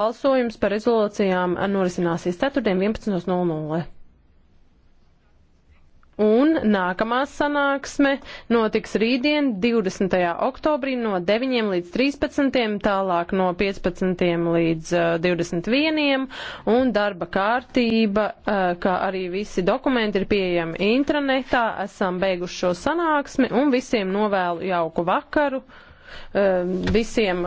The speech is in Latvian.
Balsojums par rezolūcijām norisināsies 4.11.00. Un nākamā sanāksme notiks rītdien 20. oktobrī no 9 līdz 13, tālāk no 15 līdz 21, eh, un darba kārtība, eh, kā arī visi dokumenti ir pieejami intranetā. Esam beiguši šo sanāksmi un visiem novēlu jauku vakaru. Eh, visiem